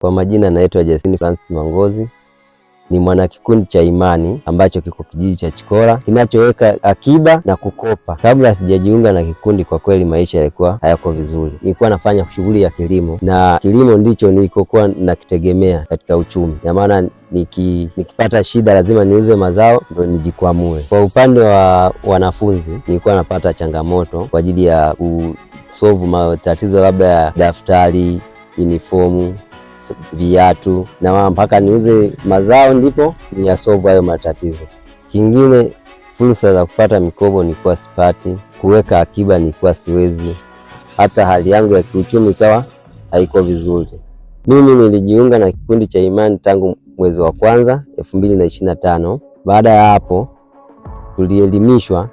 Kwa majina naitwa jasini Francis Mangozi, ni mwanakikundi cha Imani ambacho kiko kijiji cha Chikora kinachoweka akiba na kukopa. Kabla sijajiunga na kikundi, kwa kweli maisha yalikuwa hayako vizuri. Nilikuwa nafanya shughuli ya kilimo na kilimo ndicho nilikokuwa nakitegemea katika uchumi, na maana niki, nikipata shida lazima niuze mazao ndo nijikwamue. Kwa upande wa wanafunzi, nilikuwa napata changamoto kwa ajili ya kusovu matatizo labda ya daftari, uniformu viatu na mpaka niuze mazao ndipo niyasovu hayo matatizo. Kingine, fursa za kupata mikopo nilikuwa sipati, kuweka akiba nilikuwa siwezi, hata hali yangu ya kiuchumi ikawa haiko vizuri. Mimi nilijiunga na kikundi cha imani tangu mwezi wa kwanza elfu mbili na ishirini na tano. Baada ya hapo, tulielimishwa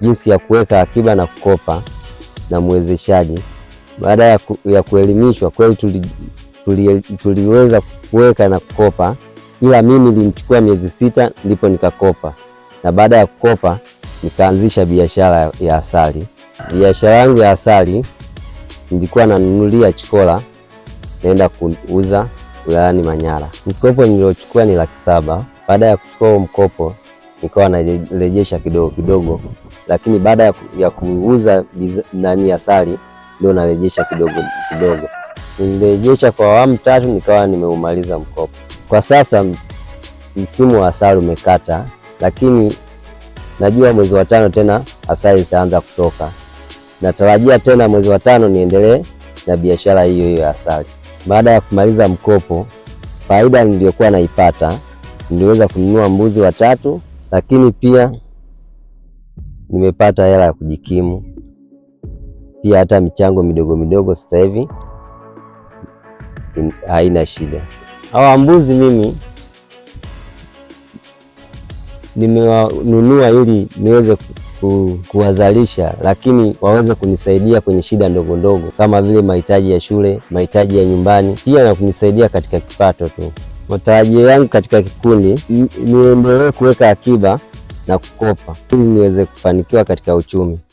jinsi ya kuweka akiba na kukopa na mwezeshaji. Baada ya, ku, ya kuelimishwa kweli tuli tuliweza kuweka na kukopa, ila mimi ilinichukua miezi sita ndipo nikakopa, na baada ya kukopa nikaanzisha biashara ya asali. Biashara yangu ya asali nilikuwa nanunulia Chikola naenda kuuza wilayani Manyara. Mkopo niliochukua ni laki saba. Baada ya kuchukua huo mkopo nikawa narejesha kidogo kidogo, lakini baada ya kuuza nani asali ndio narejesha kidogo kidogo nilirejesha kwa awamu tatu, nikawa nimeumaliza mkopo. Kwa sasa msimu wa asali umekata, lakini najua mwezi wa tano tena asali zitaanza kutoka. Natarajia tena mwezi wa tano niendelee na biashara hiyo hiyo ya asali. Baada ya kumaliza mkopo, faida niliyokuwa naipata, niliweza kununua mbuzi watatu, lakini pia nimepata hela ya kujikimu, pia hata michango midogo midogo sasa hivi haina shida. Hawa mbuzi mimi nimewanunua ili niweze kuwazalisha, lakini waweze kunisaidia kwenye shida ndogo ndogo kama vile mahitaji ya shule, mahitaji ya nyumbani, pia na kunisaidia katika kipato tu. Matarajio yangu katika kikundi, niendelee kuweka akiba na kukopa ili niweze kufanikiwa katika uchumi.